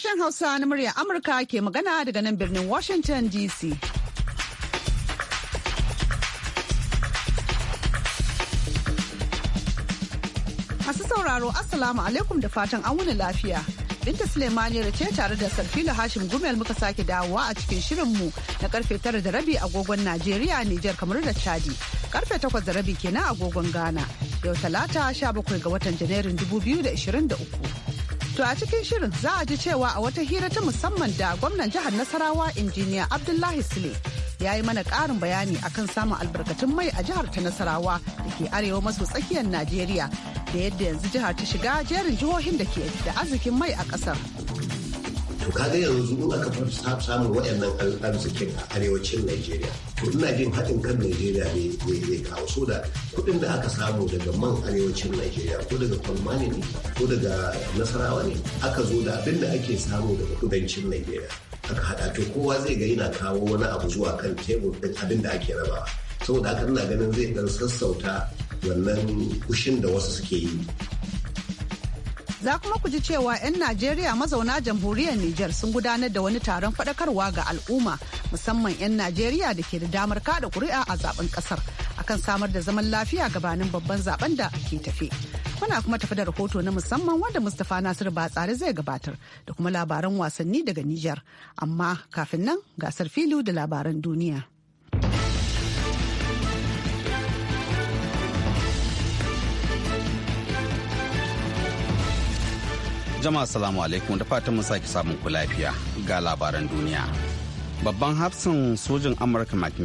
Sashen Hausa na muryar Amurka ke magana daga nan birnin Washington DC. Masu sauraro Assalamu alaikum da fatan an wuni lafiya. Binta Suleimani ce tare da Sarfila Hashim Gumel muka sake dawowa a cikin shirinmu na karfe tara da rabi agogon Najeriya, Nijar kamar da Chadi. Karfe takwas da rabi kenan agogon Ghana. Yau talata sha bakwai ga watan Janairun 2023. To a cikin shirin za a ji cewa a wata hira ta musamman da gwamnan jihar Nasarawa injiniya Abdullahi Sule ya yi mana ƙarin bayani akan samun albarkatun mai a jihar ta Nasarawa da ke arewa maso tsakiyar Najeriya da yadda yanzu jihar ta shiga jerin jihohin da ke da arzikin mai a ƙasar. to kaga yanzu in aka fi samun waɗannan arzikin a arewacin najeriya to ina jin haɗin kan najeriya ne ya kawo so da kuɗin da aka samu daga man arewacin najeriya ko daga kwalmani ne ko daga nasarawa ne aka zo da abin da ake samu daga kudancin najeriya aka haɗa to kowa zai ga yana kawo wani abu zuwa kan tebur ɗin abin da ake rabawa saboda haka ina ganin zai ɗan sassauta wannan kushin da wasu suke yi Za kuma ku ji cewa 'yan Najeriya mazauna jamhuriyar niger sun gudanar da wani taron faɗakarwa ga al'umma musamman 'yan Najeriya da ke da damar kada kuri'a a zaben kasar akan samar da zaman lafiya gabanin babban zaben da ke tafe. Muna kuma tafi da rahoto na musamman wanda Mustapha Nasir tsari zai gabatar da kuma labaran wasanni daga niger Amma kafin nan gasar filu da labaran duniya. Jama'a salamu alaikum da fatan mun sake samun ku lafiya ga labaran duniya. Babban hafsan sojin Amurka Mark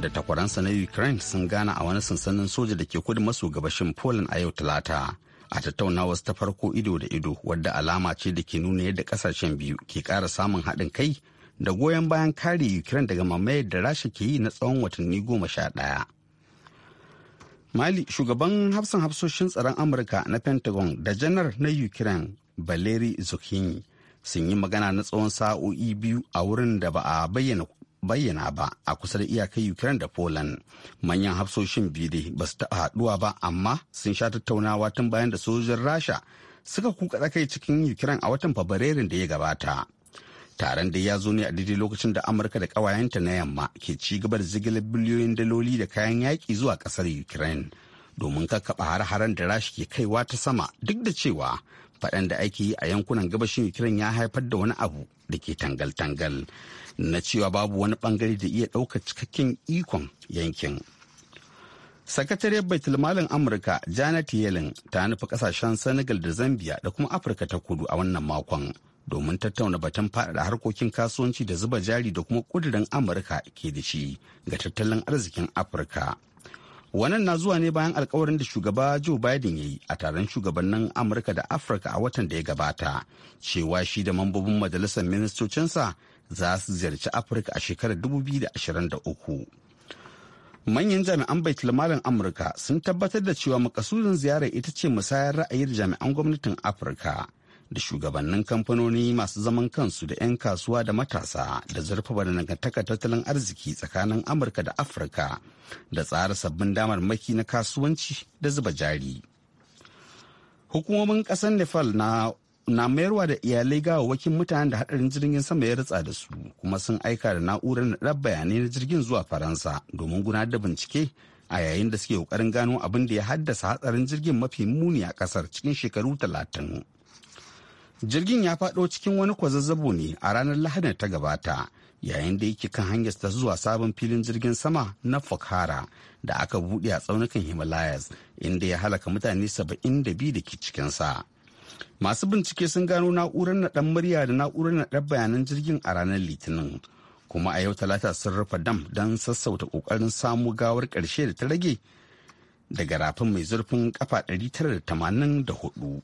da takwaransa na Ukraine sun gana a wani sansanin soja da ke kudu maso gabashin Poland a yau Talata. a tattaunawar ta farko ido da ido wadda alama ce da ke nuna yadda kasashen biyu ke kara samun haɗin kai da goyon bayan kare ukraine daga mamayar da rasha ke yi na tsawon watanni goma sha ɗaya mali shugaban hafsan hafsoshin tsaron amurka na pentagon da janar na ukraine Baleri Zokini sun yi magana na tsawon sa'o'i biyu a wurin da ba a bayyana bayyana ba a kusa da iyakar Ukraine da Poland. Manyan hafsoshin biyu dai ba su taɓa haɗuwa ba amma sun sha tattaunawa tun bayan da sojojin Rasha suka kuka tsakai cikin Ukraine a watan Fabrairun da ya gabata. Taron da ya zo ne a daidai lokacin da Amurka da ƙawayenta na yamma ke ci gaba da zigilar biliyoyin daloli da kayan yaƙi zuwa ƙasar Ukraine domin kakkaɓa har-haren da Rasha ke kaiwa ta sama duk da cewa faɗan da ake yi a yankunan gabashin ukraine ya haifar da wani abu da ke tangal-tangal na cewa babu wani bangare da iya ɗauka cikakken ikon yankin sakatariyar baitulmalin amurka janet yellen ta nufi kasashen senegal da zambia da kuma afirka ta kudu a wannan makon domin tattauna batun faɗaɗa harkokin kasuwanci da zuba jari da kuma ƙudurin amurka ke da shi ga tattalin arzikin afirka Wannan na zuwa ne bayan alkawarin da shugaba Joe Biden ya yi a taron shugabannin Amurka da Afirka a watan da ya gabata, cewa shi da mambobin majalisar ministocinsa za su ziyarci Afirka a shekarar 2023. Manyan jami'an baitulmalin Amurka sun tabbatar da cewa makasudin ziyarar ita ce musayar ra'ayin jami'an gwamnatin Afirka da shugabannin kamfanoni masu zaman kansu da 'yan kasuwa da matasa da zurfafa da nagantaka tattalin arziki tsakanin amurka da afirka da tsara sabbin damarmaki na kasuwanci da zuba jari hukumomin kasar nepal na na mayarwa da iyalai gawawwakin mutanen da hadarin jirgin sama ya ritsa da su kuma sun aika da na'urar naɗar bayanai na jirgin zuwa faransa domin gudanar da bincike a yayin da suke kokarin gano abin da ya haddasa hatsarin jirgin mafi muni a kasar cikin shekaru talatin jirgin ya faɗo cikin wani kwazazzabo ne a ranar lahadin ta gabata yayin da yake kan hanyar ta zuwa sabon filin jirgin sama na Fokhara da aka buɗe a tsaunukan Himalayas inda ya halaka mutane 72 da ke cikinsa. Masu bincike sun gano na'urar naɗan murya da na'urar naɗan bayanan jirgin a ranar Litinin. Kuma a yau talata sun rufe dam don sassauta ƙoƙarin samu gawar ƙarshe da ta rage daga rafin mai zurfin kafa 984.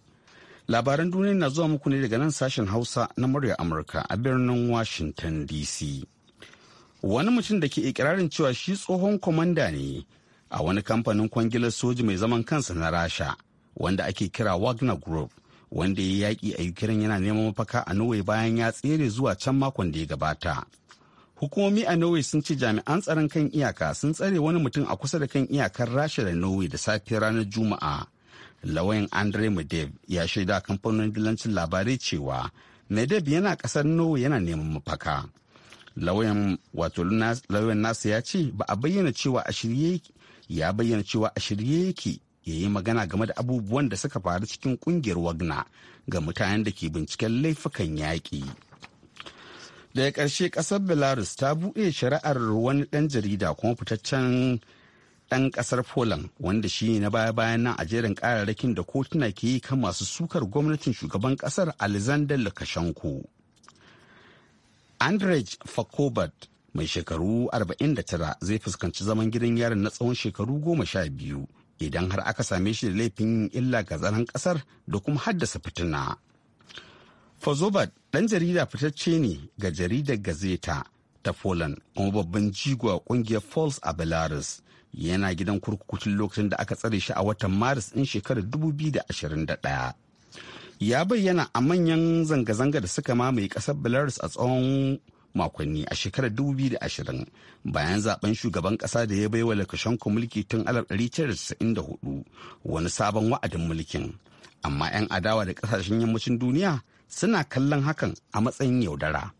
Labaran duniya na zuwa muku ne daga nan sashen Hausa na murya Amurka a birnin Washington DC. Wani mutum da ke ikirarin cewa shi tsohon kwamanda ne a wani kamfanin kwangilar soji mai zaman kansa na Rasha wanda ake kira Wagner Group wanda ya yaƙi a Ukraine yana neman mafaka a Norway bayan ya tsere zuwa can makon da ya gabata. hukumomi a norway sun ce jami'an tsaron kan iyaka sun tsare wani mutum a kusa da kan iyakar rasha da norway da safiyar ranar juma'a lawan andre medev ya shaida kamfanonin dillancin labarai cewa medev yana kasar norway yana neman mafaka lawayan wato lauyan nasa ya ce ba a bayyana cewa a shirye ya bayyana cewa a shirye yake ya yi magana game da abubuwan da suka faru cikin kungiyar wagna ga mutanen da ke binciken laifukan yaƙi daga ƙarshe ƙasar belarus ta buɗe shari'ar wani ɗan jarida kuma fitaccen dan kasar Poland wanda shi na baya-bayan nan a jerin kararrakin da kotuna ke yi kan masu sukar gwamnatin shugaban kasar Alexander Lukashenko. Andrej Fakobat mai shekaru 49 zai fuskanci zaman gidan yaron na tsawon shekaru 12 idan har aka same shi da laifin yin illa ga tsaron kasar da kuma haddasa fituna. Fazobat dan jarida fitacce ne ga jaridar Gazeta ta Poland kuma babban jigo a ƙungiyar Falls a Belarus yana gidan kurkuku lokacin da aka tsare shi a watan maris ɗin shekarar 2021 ya bayyana a manyan zanga-zanga da suka mamaye ƙasar belarus a tsawon makonni a shekarar 2020 bayan zaben shugaban ƙasa da ya bai wa lukashenko mulki tun 1994 wani sabon wa'adin mulkin amma 'yan adawa da ƙasashen yammacin duniya suna kallon hakan a matsayin yaudara.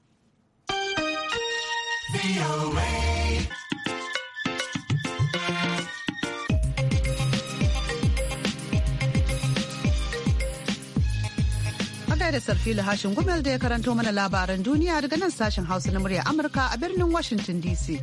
da Sarfilu Hashin Gumel da ya karanto mana labaran duniya daga nan sashen Hausa na murya Amurka a birnin Washington DC.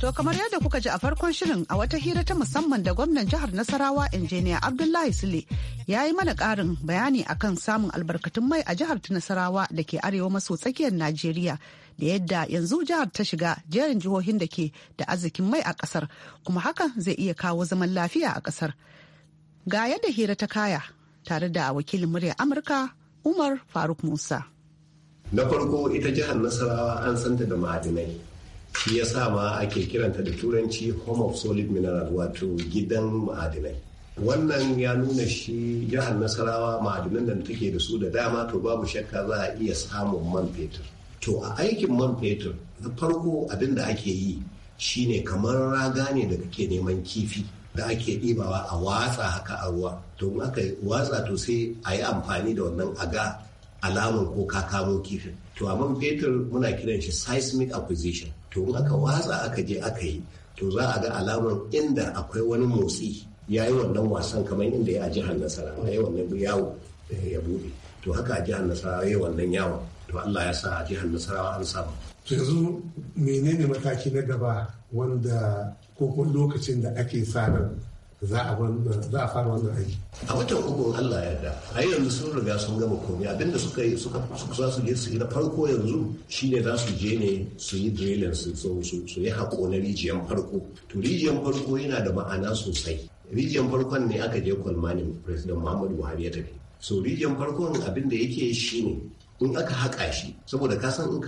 To kamar yadda kuka ji a farkon shirin a wata hira ta musamman da gwamnan jihar Nasarawa injiniya Abdullahi Sule ya yi mana karin bayani akan samun albarkatun mai a jihar ta Nasarawa da ke arewa maso tsakiyar Najeriya da yadda yanzu jihar ta shiga jerin jihohin da ke da arzikin mai a kasar kuma hakan zai iya kawo zaman lafiya a kasar ga yadda hira ta kaya tare da wakilin murya amurka umar faruk musa na farko ita jihar nasarawa an santa da ma'adinai shi ya sa ma ake kiranta da turanci home of solid mineral wato gidan ma'adinai wannan ya nuna shi jihar nasarawa ma'adinan da take da su da dama to babu shakka za a iya samun man fetur to a aikin man fetur na farko abin da ake yi shine kamar raga ne da kake neman kifi da ake ɗibawa a watsa haka a ruwa to in aka watsa to sai a yi amfani da wannan aga alamun ko ka kamo kifin to a man fetur muna kiran shi seismic acquisition to in aka watsa aka je aka yi to za a ga alamun inda akwai wani motsi ya yi wannan wasan kamar inda ya a jihar nasara, ya yi wannan yawo eh, ya buɗe to haka a jihar nasara, ya yi wannan yawon to Allah ya sa a jihar Nasarawa an samu. To yanzu menene mataki na gaba wanda ko lokacin da ake sanar za a fara wannan aiki. A watan uku Allah ya yarda. A yanzu sun riga sun gama komai abinda suka yi suka za su je su yi na farko yanzu shine za su je ne su yi drilling su su yi hako na rijiyar farko. To rijiyar farko yana da ma'ana sosai. Rijiyar farkon ne aka je kwalmanin President Muhammadu Buhari ya tafi. So rijiyar farkon abinda yake shine in aka haƙa shi saboda ka san in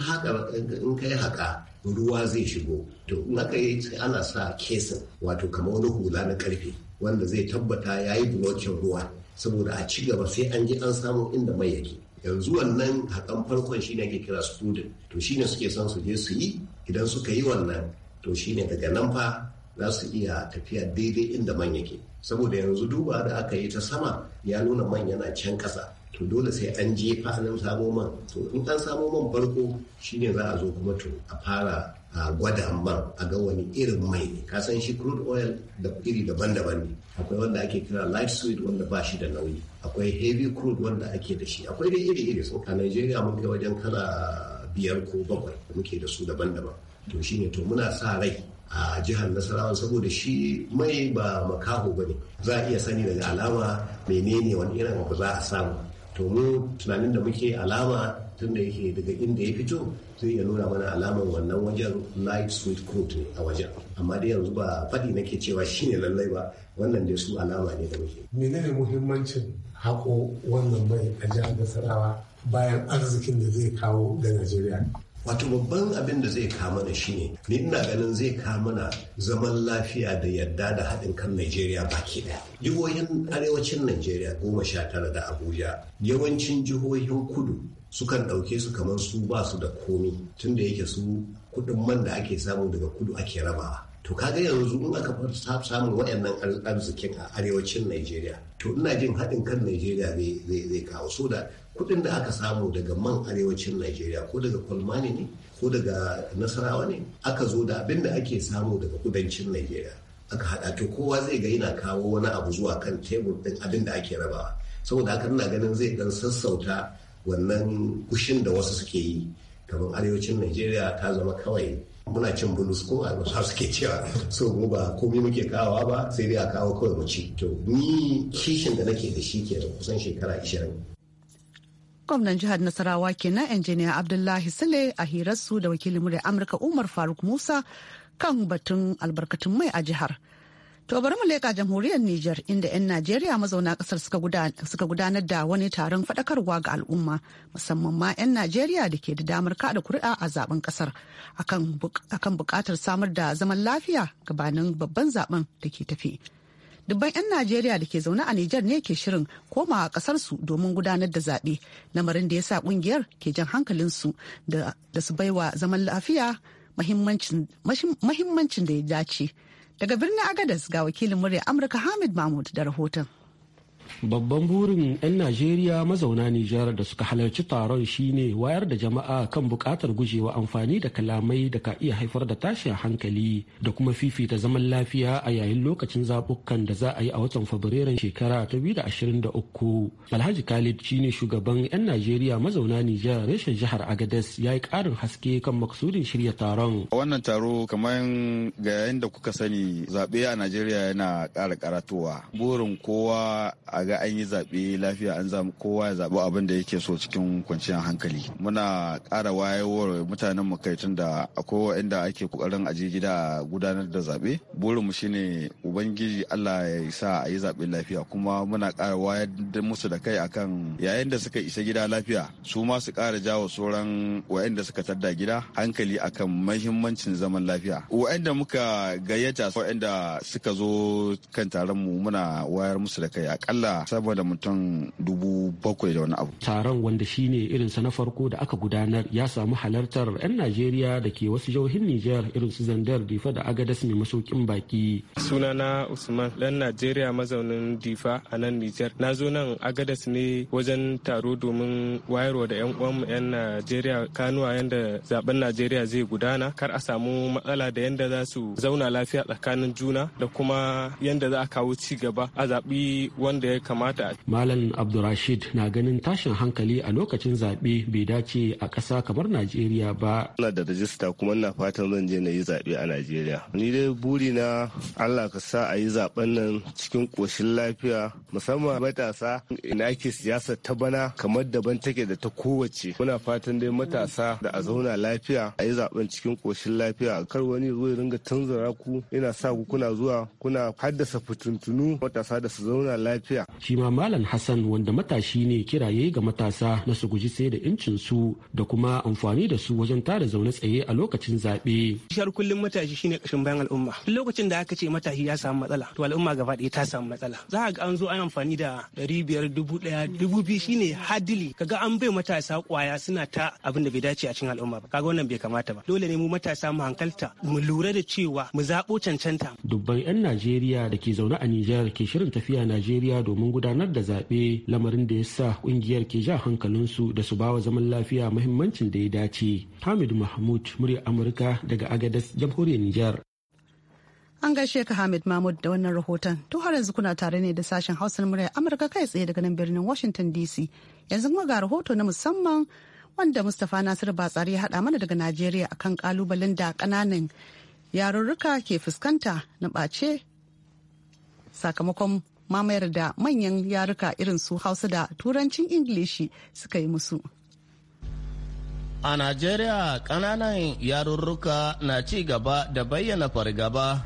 ka yi haƙa ruwa zai shigo to in aka yi ana sa kesin wato kamar wani hula na karfe wanda zai tabbata ya yi bulokin ruwa saboda a ci gaba sai an ji an samu inda mai yake yanzu wannan haƙan farkon shi ne ake kira student to shi ne suke son su je su yi idan suka yi wannan to shi ne daga nan fa za su iya tafiya daidai inda man yake saboda yanzu duba da aka yi ta sama ya nuna man yana can ƙasa to dole sai an je nan samo man to in an samo man farko shine za a zo kuma to a fara a gwada man a ga wani irin mai ne ka san shi crude oil da iri daban-daban ne akwai wanda ake kira light sweet wanda ba shi da nauyi akwai heavy crude wanda ake da shi akwai dai iri-iri so a Najeriya mun kai wajen kala biyar ko bakwai muke da su daban-daban to shine to muna sa rai a jihar nasarawa saboda shi mai ba makaho ba ne za a iya sani daga alama menene wani irin abu za a samu to mu tunanin da muke alama tun da yake daga inda ya fito zai iya nuna mana alamar wannan wajen light sweet coat ne a wajen amma dai yanzu ba faɗi nake cewa shi ne lallai ba wannan dai su alama ne da muke menene muhimmancin haƙo wannan mai a jihar nasarawa bayan arzikin da zai kawo ga najeriya wato babban abin da zai kama da shi ne ni ina ganin zai kama na zaman lafiya da yadda da haɗin kan najeriya baki ɗaya jihohin arewacin najeriya goma sha tara da abuja yawancin jihohin kudu sukan ɗauke su kamar su ba su da komi tunda yake su kuɗin man da ake samu daga kudu ake rabawa to kaga yanzu in aka fi samun waɗannan arzikin a arewacin Najeriya to ina jin haɗin kan Najeriya zai kawo so da kuɗin da aka samu daga man arewacin Najeriya ko daga Kulmani ne ko daga Nasarawa ne aka zo da abin da ake samu daga kudancin Najeriya aka haɗa to kowa zai ga yana kawo wani abu zuwa kan tebur ɗin abin da ake rabawa saboda haka ina ganin zai dan sassauta wannan kushin da wasu suke yi kamar arewacin Najeriya ta zama kawai muna cin bulus ko a wasu suke cewa so mu ba komai muke kawowa ba sai dai a kawo kawai mu ci to ni kishin da nake da shi ke da kusan shekara 20 gwamnan jihar Nasarawa kenan injiniya Abdullahi Sule a hirarsu da wakilin murya Amurka Umar Faruk Musa kan batun albarkatun mai a jihar. To bari mu leƙa jamhuriyar niger inda 'yan Najeriya mazauna ƙasar suka gudanar da wani taron fadakarwa ga al'umma musamman ma 'yan Najeriya da ke da damar kada kuri'a a zaben ƙasar akan buƙatar samar da zaman lafiya gabanin babban zaben da ke tafi. dubban 'yan najeriya da ke zaune a nijar ne ke shirin komawa kasarsu domin gudanar da zaɓe lamarin da ya sa kungiyar ke jan hankalinsu da su baiwa zaman lafiya mahimmancin da ya dace daga birnin agadas ga wakilin murya amurka hamid mahmud da rahoton Babban burin 'yan Najeriya mazauna Nijar da suka halarci taron shine wayar da jama'a kan bukatar gujewa amfani da kalamai da ka iya haifar da tashin hankali da kuma fifita zaman lafiya a yayin lokacin zaɓukan da za a yi a watan Fabrairun shekara ta biyu da uku. Alhaji Khalid shine shugaban 'yan Najeriya mazauna Nijar reshen jihar Agadez ya yi ƙarin haske kan maksudin shirya taron. A Wannan taro kamar ga yayin da kuka sani zaɓe a Najeriya yana ƙara ƙaratowa Burin kowa a a ga an yi zaɓe lafiya an kowa ya zaɓi abin da yake so cikin kwanciyar hankali muna ƙara wayewar mutanen mu kai tunda akwai inda ake kokarin aje gida a gudanar da zaɓe burin mu shine ubangiji Allah ya sa a yi zaɓe lafiya kuma muna ƙara wayar da musu da kai akan yayin da suka isa gida lafiya su ma su ƙara jawo sauran wa'anda suka tadda gida hankali akan mahimmancin zaman lafiya waɗanda muka gayyata wa'anda suka zo kan taron mu muna wayar musu da kai akalla saboda mutum dubu bakwai da wani abu. Taron wanda shine irinsa na farko da aka gudanar ya samu halartar 'yan Najeriya da ke wasu jihohin Nijar irin su Zandar, Difa da Agadas mai masaukin baki. Sunana Usman ɗan Najeriya mazaunin Difa a nan Nijar. Na zo nan Agadas ne wajen taro domin wayarwa da 'yan uwanmu 'yan Najeriya kanuwa yadda zaben Najeriya zai gudana kar a samu matsala da yadda za su zauna lafiya tsakanin juna da kuma yadda za a kawo ci gaba a zaɓi wanda ya kamata malam Abdurashid na ganin tashin hankali a lokacin zaɓe bai dace a ƙasa kamar najeriya ba ina da rajista kuma na fatan zan je na yi zaɓe a najeriya ni dai buri na allah ka sa a yi zaɓen nan cikin ƙoshin lafiya musamman matasa ina ke siyasa ta bana kamar daban take da ta kowace muna fatan dai matasa da a zauna lafiya a yi zaɓen cikin ƙoshin lafiya kar wani zo ya ringa canza ku ina sa ku kuna zuwa kuna haddasa fitintunu matasa da su zauna lafiya shi ma malam hassan wanda matashi ne kiraye ga matasa na su guji sai da incin su da kuma amfani da su wajen tara zaune tsaye a lokacin zaɓe. shar kullum matashi shine kashin bayan al'umma lokacin da aka ce matashi ya samu matsala to al'umma gaba ɗaya ta samu matsala za a ga an zo an amfani da ɗari biyar dubu ɗaya dubu biyu shine hadili ga an bai matasa kwaya suna ta abin da bai dace a cikin al'umma ba kaga wannan bai kamata ba dole ne mu matasa mu hankalta mu lura da cewa mu zaɓo cancanta. dubban 'yan najeriya da ke zaune a nijar ke shirin tafiya najeriya domin gudanar da zaɓe lamarin da ya sa ƙungiyar ke ja hankalinsu da su bawa zaman lafiya muhimmancin da ya dace. Hamid Mahmud murya Amurka daga Agadas jamhuriyar Nijar. An gaishe ka Hamid Mahmud da wannan rahoton. To har yanzu kuna tare ne da sashen Hausa murya Amurka kai tsaye daga nan birnin Washington DC. Yanzu kuma ga rahoto na musamman wanda Mustapha Nasir Batsari ya haɗa mana daga Najeriya akan kalubalen da ƙananan yarurruka ke fuskanta na ɓace sakamakon mamayar da manyan yaruka irin su hausa da turancin ingilishi suka yi musu a najeriya ƙananan yarurruka na ci gaba da bayyana fargaba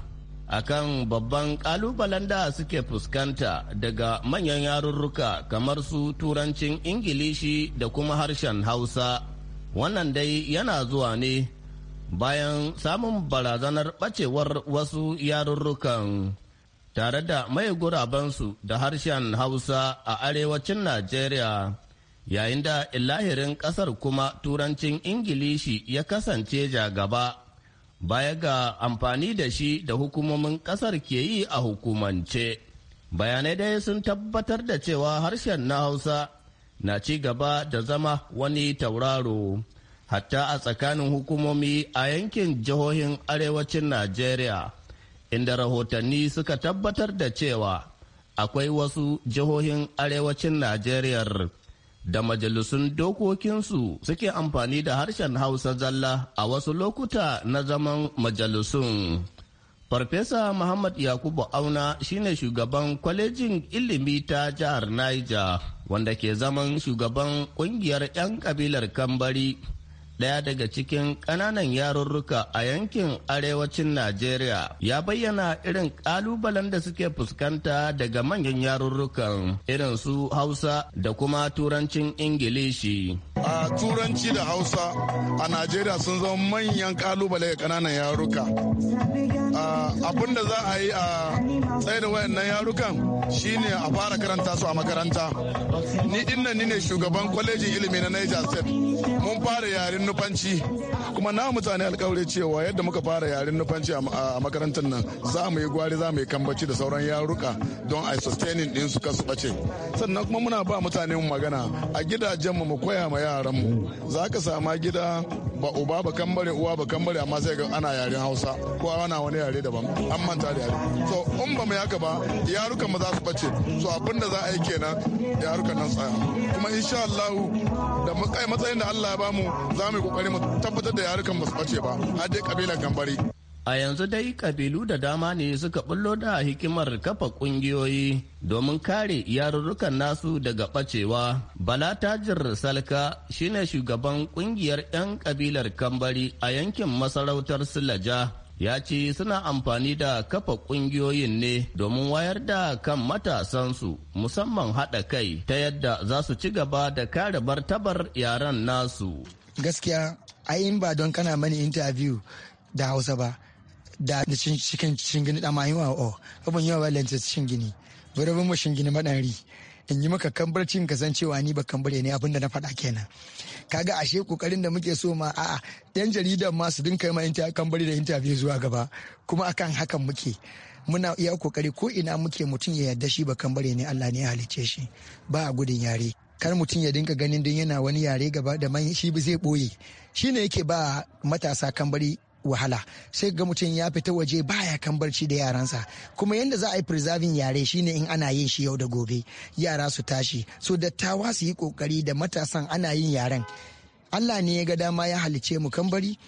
a kan babban kalubalen da suke fuskanta daga manyan yarurruka kamar su turancin ingilishi da kuma harshen hausa wannan dai yana zuwa ne bayan samun barazanar ɓacewar wasu yarurrukan tare da mai gurabansu da harshen Hausa a arewacin Najeriya, yayin da ilahirin ƙasar kuma turancin Ingilishi ya kasance gaba, baya ga amfani da shi da hukumomin ƙasar ke yi a hukumance. Bayanai dai sun tabbatar da cewa harshen na Hausa na ci gaba da zama wani tauraro. hatta a tsakanin hukumomi a yankin jihohin arewacin Najeriya. inda rahotanni suka tabbatar da cewa akwai wasu jihohin arewacin Najeriya da majalisun dokokinsu suke amfani da harshen Hausa zalla a wasu lokuta na zaman majalisun. Farfesa Muhammad Yakubu Auna shine shugaban kwalejin ilimi ta jihar Niger wanda ke zaman shugaban kungiyar 'yan kabilar Kambari. ɗaya daga cikin ƙananan yarurruka a yankin arewacin Najeriya, ya bayyana irin ƙalubalen da suke fuskanta daga manyan yarurrukan irin su Hausa da kuma Turancin Ingilishi. A Turanci da Hausa a Najeriya sun zama manyan ƙalubale ga ƙananan yaruka. Abin da za a yi a tsaye da wayannan yarukan shine a fara karanta su a makaranta. Ni dinnan ni ne shugaban kwalejin ilimi na Niger State. Mun fara yaren nufanci kuma na mutane alkawari cewa yadda muka fara yaren nufanci a makarantar nan za mu yi gwari za mu yi kambaci da sauran yaruka don a sustaining din su kasu bace sannan kuma muna ba mutane mu magana a gidajenmu mu koya ma yaran mu za ka sama gida ba uba ba kambare uwa ba kambare amma sai ga ana yaren hausa ko ana wani yare daban an manta da yare so in ba mu yaka ba yarukan mu za su bace so abin da za a yi kenan yarukan nan tsaya kuma insha Allah da matsayin da Allah ya bamu za mu mai kokari mu tabbatar da yarukan ba su bace ba har dai gambari a yanzu dai kabilu da dama ne suka bullo da hikimar kafa kungiyoyi domin kare yarurrukan nasu daga bacewa bala tajir salka shine shugaban kungiyar 'yan kabilar kambari a yankin masarautar silaja ya ce suna amfani da kafa kungiyoyin ne domin wayar da kan matasansu musamman haɗa kai ta yadda za su ci gaba da kare martabar yaren nasu gaskiya ai ba don kana mani interview da hausa ba da cikin shingini da mayu a o oh, abin yawa ba lance shingini birabin mu shingini maɗanri in yi maka kambarcin kasancewa ni ba kambare ne abin da na faɗa kenan kaga ashe kokarin da muke so ma a'a yan jaridan ma su dinka ma kambari da interview zuwa gaba kuma akan hakan muke muna iya kokari ko ina muke mutum ya yarda shi ba kambare ne Allah ne ya halicce shi ba a gudun yare kar mutum ya dinka ganin don yana wani yare gaba da man shi ba zai boye shi ne yake ba matasa kambari wahala sai ga mutum ya fita waje baya kambarci da yaransa kuma yadda za a yi preserving yare shine in ana yin shi yau da gobe yara su tashi so dattawa su yi kokari da matasan ana yin yaren Allah ne ya ga dama ya halice mu kambari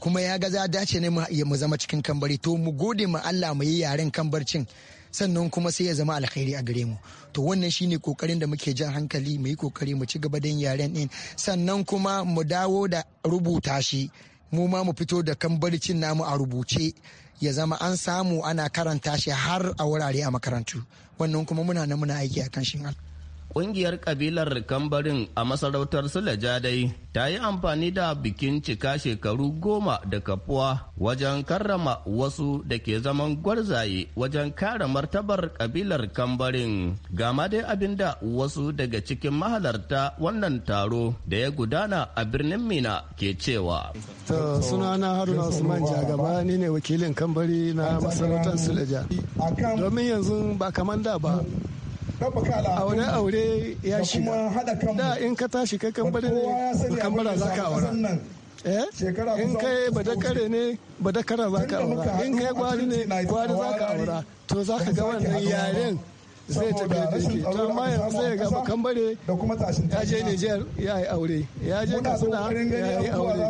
kuma ya ga za dace ne mu zama cikin kambari to mu gode ma Allah mu yi yaren kambarcin sannan kuma sai ya zama alkhairi a gare mu to wannan shine kokarin da muke jan hankali mu yi kokari mu ci gaba don yaren din sannan kuma mu dawo da rubuta shi mu ma mu fito da kambarcin namu a rubuce ya zama an samu ana karanta shi har a wurare a makarantu wannan kuma muna nan muna aiki akan kan shi Ƙungiyar kabilar kambarin a masarautar Suleja dai ta yi amfani da bikin cika shekaru goma da kafuwa wajen karrama wasu da ke zaman gwarzaye wajen kare martabar kabilar kambarin. Gama dai abinda wasu daga cikin mahalarta wannan taro da ya gudana a birnin Mina ke cewa. To sunana Haruna Usman Jagaba ni ne wakilin kambari na masarautar Suleja. Domin yanzu ba kamar da ba a aure ya shiga da in ka tashi kai kambara ne kambara za ka aura eh? in kai badakare ne badakara za ka aura in kai gwari ne gwari za ka aura to za ka ga wannan yaren zai tafi da shi to amma yanzu sai ga bakan bare ya je Niger ya yi aure ya je Katsina ya yi aure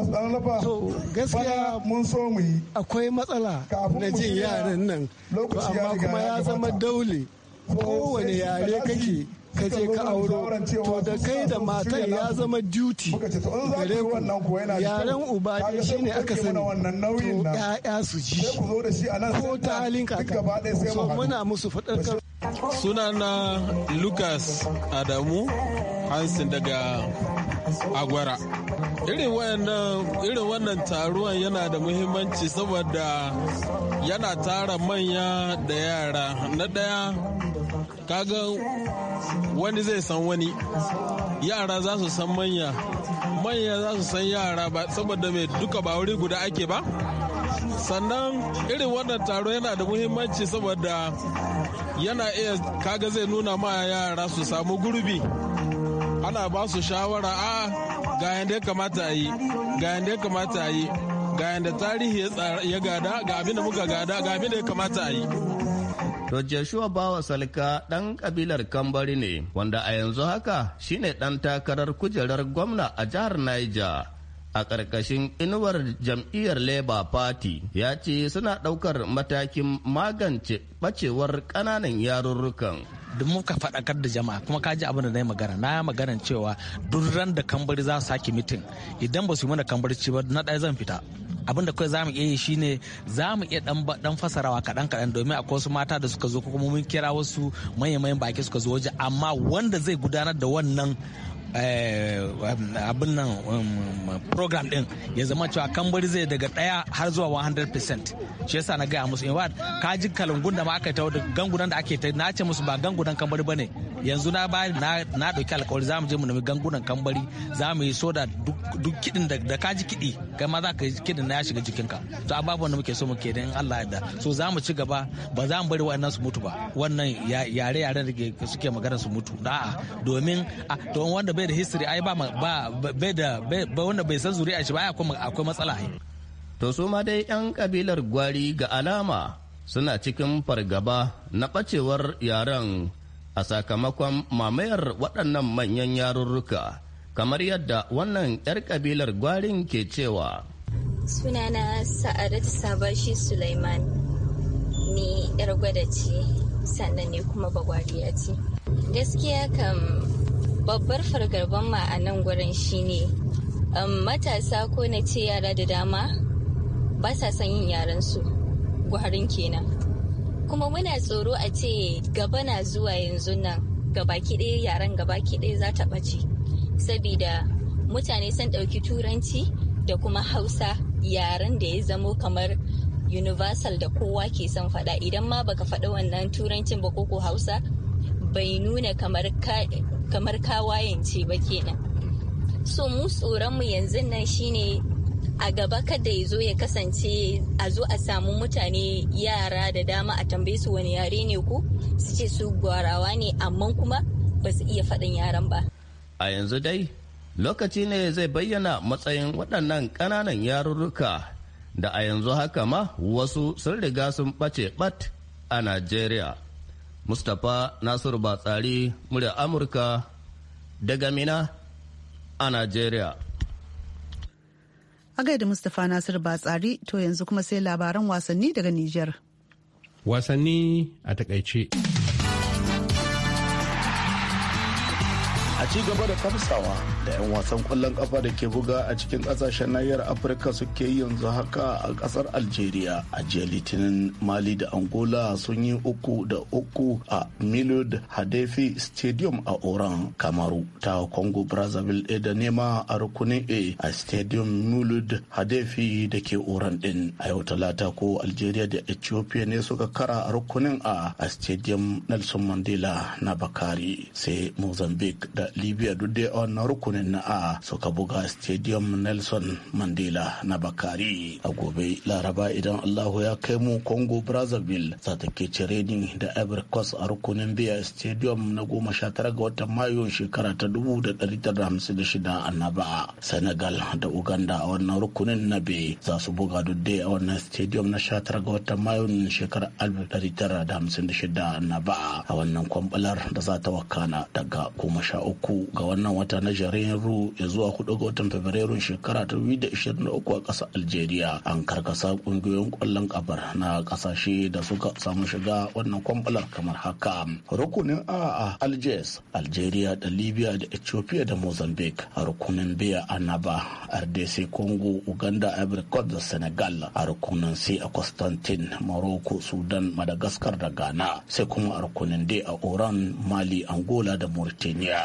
to gaskiya mun so mu yi akwai matsala na jin yaren nan amma kuma ya zama daule kowane yare kake ka je ka auro to da kai da matar ya zama duty gare ku yaren uba ne shi ne aka sani to ya'ya su ji ko ta halin kaka so muna musu Suna na lucas adamu hansin daga agwara irin wannan taruwan yana da muhimmanci saboda yana tara manya da yara na ɗaya kaga wani zai san wani yara za su san manya manya za su san yara ba saboda mai duka ba wuri guda ake ba sannan irin wannan taro yana da muhimmanci saboda yana iya kaga zai nuna ma yara su samu gurbi ana ba su shawara a ga yadda ya kamata a yi ga yadda ya kamata a yi ga yadda tarihi ya gada ga abin da muka gada ga abin da ya kamata a yi To Joshua Bawa Salka ɗan kabilar Kambari ne, wanda a yanzu haka shine ɗan takarar kujerar gwamna a jihar Niger. a ƙarƙashin inuwar jam'iyyar labour party ya ce suna ɗaukar matakin magance ɓacewar kananan yarurrukan duk muka faɗakar da jama'a kuma ka ji abin da na yi magana na magana cewa duk da kambari za su sake mitin idan ba su yi mana kambarci ba na ɗaya zan fita abinda kawai za mu iya yi shine za mu iya dan fasarawa kaɗan kaɗan domin akwai wasu mata da suka zo ko kuma mun kira wasu manya-manyan baki suka zo waje amma wanda zai gudanar da wannan Eh, abin nan um, program din ya zama cewa kambari zai daga daya har zuwa 100% shi yasa na gaya musu in ka ji kalungun da ma aka tawo da gangunan da ake ta na ce musu ba gangunan kambari bane yanzu na ba na dauki alkawari za mu je mu nemi gangunan kambari za mu yi soda duk kidin da ka ji kidi kai ma za ka yi kidin na ya shiga jikinka to ababen da muke so mu kenan Allah ya da so za mu ci gaba ba za mu bari wa'annan su mutu ba wannan yare-yare da suke magana su mutu da'a domin to wanda bai bai da history ai ba bai da wanda bai san zuri'a shi ba akwai matsala to su ma dai yan kabilar gwari ga alama suna cikin fargaba na bacewar yaren a sakamakon mamayar waɗannan manyan yarurruka kamar yadda wannan 'yar kabilar gwarin ke cewa sunana sa'adatu sabashi suleiman ni 'yar gwada ce sannan ne kuma bagwariya ce gaskiya kam babbar fargaban ma a nan gurin shine um, matasa ko na ce yara da dama ba sa son yin yaran su guharin kenan kuma muna tsoro a ce gaba na zuwa yanzu nan gaba ɗaya yaran gaba ɗaya za ta ɓace sabida mutane sun ɗauki turanci da kuma hausa yaren da ya zamo kamar universal da kowa ke son faɗa idan ma baka faɗa wannan turancin ba ko hausa bai nuna kamar ce ba kenan so mu tsoronmu yanzu nan shine a gaba kada ya zo ya kasance a zo a samu mutane yara da dama a tambaye su wani yare ne ku su ce su gwarawa ne amma kuma ba su iya faɗin yaran ba a yanzu dai lokaci ne zai bayyana matsayin waɗannan ƙananan yarurruka da a yanzu haka ma wasu sun riga sun ɓace ɓat a najeriya mustapha nasiru batsari murya amurka daga mina a Najeriya. a gaida mustapha nasiru batsari to yanzu kuma sai labaran wasanni daga niger wasanni a takaice a ci gaba da kamsawa da 'yan wasan kwallon kafa da ke buga a cikin kasashen nahiyar afirka suke yanzu haka a kasar algeria a jiya litinin mali da angola sun yi uku da uku a milud hadefi stadium a oran kamaru ta congo brazzaville ɗaya da nema a rukunin a a stadium milud hadefi da ke oran din a yau talata ko algeria da ethiopia ne suka kara a rukunin a a stadium nelson mandela na bakari sai mozambique da libya duk dai a wannan rukunin na a suka buga stadium nelson mandela na bakari a gobe laraba idan allahu ya kai mu congo brazzaville za ta ke cire ni da ivory coast a rukunin biya stadium na goma sha tara ga watan mayu shekara ta dubu da dari tara hamsin da shida annaba senegal da uganda a wannan rukunin na b za su buga duk dai a wannan stadium na sha tara ga watan mayu shekara alif dari tara da hamsin da shida annaba a wannan kwambalar da za ta wakana daga goma sha uku uku ga wannan wata na janairu ya zuwa hudu ga watan fabrairun shekara ta biyu da ishirin da uku a ƙasar algeria an karkasa ƙungiyoyin ƙwallon ƙafar na ƙasashe da suka samu shiga wannan kwambalar kamar haka rukunin a a algiers algeria da libya da ethiopia da mozambique a rukunin b a annaba rdc congo uganda ivory da senegal a rukunin c a constantine morocco sudan madagascar da ghana sai kuma a rukunin d a oran mali angola da mauritania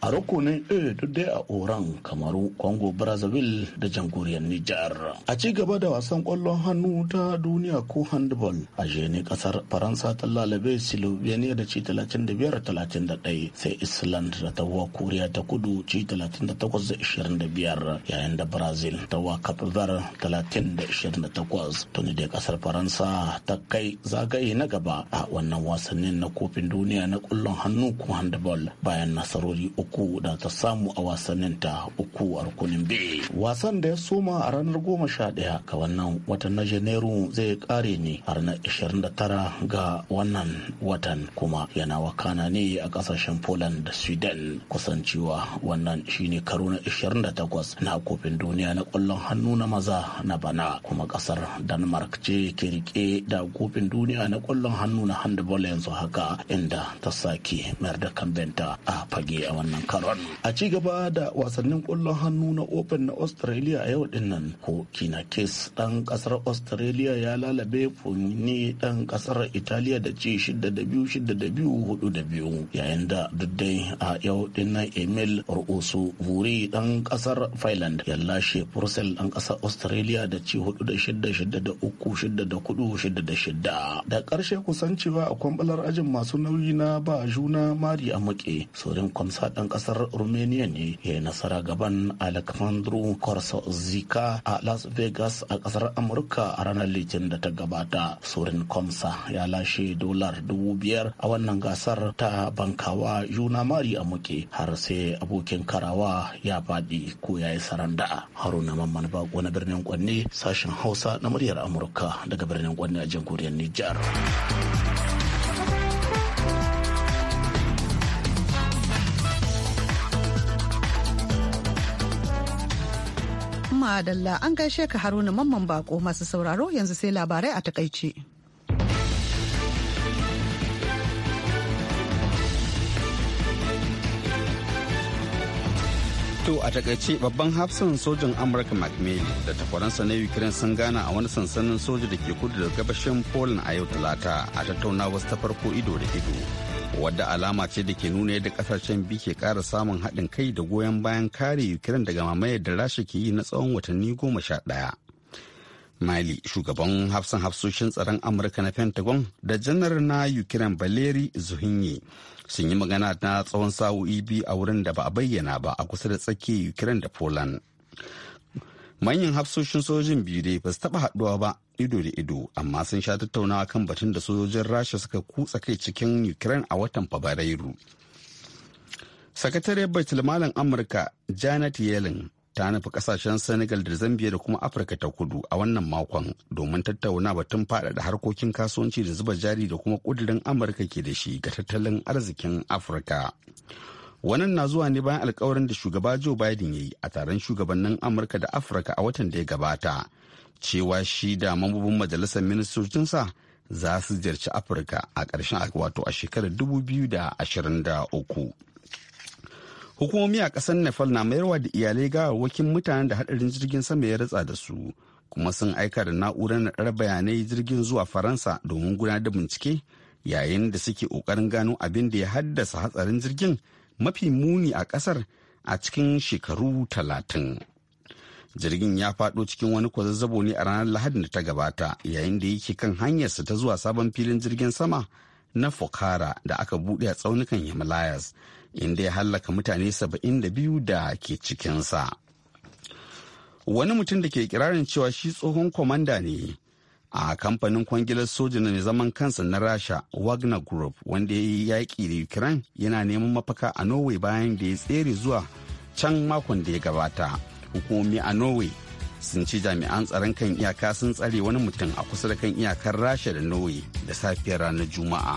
a rukunin a duk dai a oran kamaru Kongo brazzaville da jamhuriyar nijar a ci gaba da wasan kwallon hannu ta duniya ko handball a ƙasar kasar faransa ta lalabe slovenia da ci 35-31 sai island da ta wa koriya ta kudu ci 38-25 yayin da brazil ta wa cape verde 30-28 tuni da kasar faransa ta kai zagaye na gaba a wannan wasannin na kofin duniya na kwallon hannu ko handball bayan nasarori uku uku da ta samu a wasannin ta uku a rukunin B. Wasan da ya soma a ranar goma sha ɗaya ga wannan watan na Janairu zai kare ne a ranar 29 ga wannan watan kuma yana wakana ne a ƙasashen Poland da Sweden kusancewa wannan shine karo na 28 na kofin duniya na ƙwallon hannu na maza na bana kuma ƙasar Denmark ce ke rike da kofin duniya na ƙwallon hannu na handball yanzu haka inda ta sake mayar da kambenta a fage a wannan wannan karon a ci gaba da wasannin kwallon hannu na open na australia a yau din nan ko kina kes dan kasar australia ya lalabe ne dan kasar italiya da ci 6 da 2 6 da 2 4 da 2 yayin da duddai a yau din nan emil rusu vuri dan kasar finland ya lashe purcell dan kasar australia da ci 4 da 6 shidda 6 da 3 6 da kudu 6 da shidda. da karshe kusancewa a kwambalar ajin masu nauyi na ba juna mari a muke saurin kwamsa dan Kasar ƙasar Romania ne ya yi nasara gaban Alexandru Korsozika a Las Vegas a kasar Amurka a ranar Litinin da ta gabata. Sorin Komsa ya lashe dolar dubu biyar a wannan gasar ta bankawa Yuna Mari a muke har sai abokin karawa ya faɗi ko ya yi saranda. Haruna Mamman Bako na birnin Kwanne sashen Hausa na muryar Amurka daga birnin Kwanne a jamhuriyar Nijar. Adalla an gaishe ka Haruna Mamman Bako masu sauraro yanzu sai labarai a takaice. To a takaice babban hafsan sojin Amurka McMillan da takwaransa na Ukraine sun gana a wani sansanin soja da ke kudu da gabashin Poland a yau talata a tattauna wasu ta farko ido da ido. wadda alama ce da ke nuna yadda kasashen biyu ke kara samun haɗin kai da goyon bayan kare ukraine daga mamayar da rasha ke yi na tsawon watanni goma sha ɗaya mali shugaban hafsan hafsoshin tsaron amurka na pentagon da janar na ukraine valeri zuhinyi sun yi magana na tsawon sa'o'i biyu a wurin da ba a bayyana ba a kusa da tsakiyar ukraine da poland manyan hafsoshin sojin biyu dai ba su taɓa haɗuwa ba ido da ido amma sun sha tattaunawa kan batun da sojojin rasha suka kutsa kai cikin ukraine a watan fabrairu sakatare baitul malam amurka janet yellen ta nufi kasashen senegal da zambia da kuma afirka ta kudu a wannan makon domin tattauna batun faɗaɗa harkokin kasuwanci da zuba jari da kuma ƙudurin amurka ke da shi ga tattalin arzikin afirka wannan na zuwa ne bayan alkawarin da shugaba joe biden ya yi a taron shugabannin amurka da afirka a watan da ya gabata cewa shi da mambobin majalisar ministocinsa za su ziyarci afirka a ƙarshen wato a shekarar 2023 hukumomi a ƙasar nepal na mayarwa da iyalai gawarwakin mutanen da haɗarin jirgin sama ya ratsa da su kuma sun aika da na'urar naɗar bayanai jirgin zuwa faransa domin gudanar da bincike yayin da suke ƙoƙarin gano abin da ya haddasa hatsarin jirgin mafi muni a ƙasar a cikin shekaru talatin. jirgin ya faɗo cikin wani kwazazzabo ne a ranar lahadin da ta gabata yayin da yake kan hanyarsa ta zuwa sabon filin jirgin sama na fokara da aka buɗe a tsaunukan himalayas inda ya hallaka mutane 72 da ke cikinsa wani mutum da ke kirarin cewa shi tsohon kwamanda ne a kamfanin kwangilar soja na zaman kansa na rasha wagner group wanda ya yi yaƙi da ukraine yana neman mafaka a norway bayan da ya tsere zuwa can makon da ya gabata hukumomi a norway sun ci jami'an tsaron kan iyaka sun tsare wani mutum a kusa da kan iyakar rasha da norway da safiyar ranar juma'a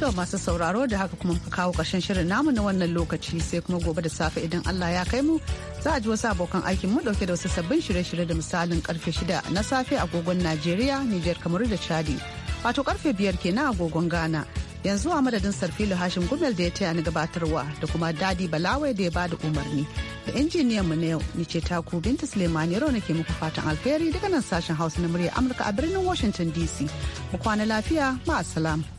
To masu sauraro da haka kuma muka kawo ƙarshen shirin namu na wannan lokaci sai kuma gobe da safe idan Allah ya kai mu za a ji wasu abokan aikin mu dauke da wasu sabbin shirye-shirye da misalin karfe shida na safe agogon Najeriya, Nijar, Kamaru da Chadi. Wato karfe biyar kenan agogon Ghana. Yanzu a madadin Sarfilu Hashim Gumel da ya taya ni gabatarwa da kuma Dadi Balawai da ya bada umarni. da injiniyan mu na yau ni ce taku Binta Sulemani Yaro nake muku fatan alheri daga nan sashen Hausa na murya Amurka a birnin Washington DC. Mu kwana lafiya ma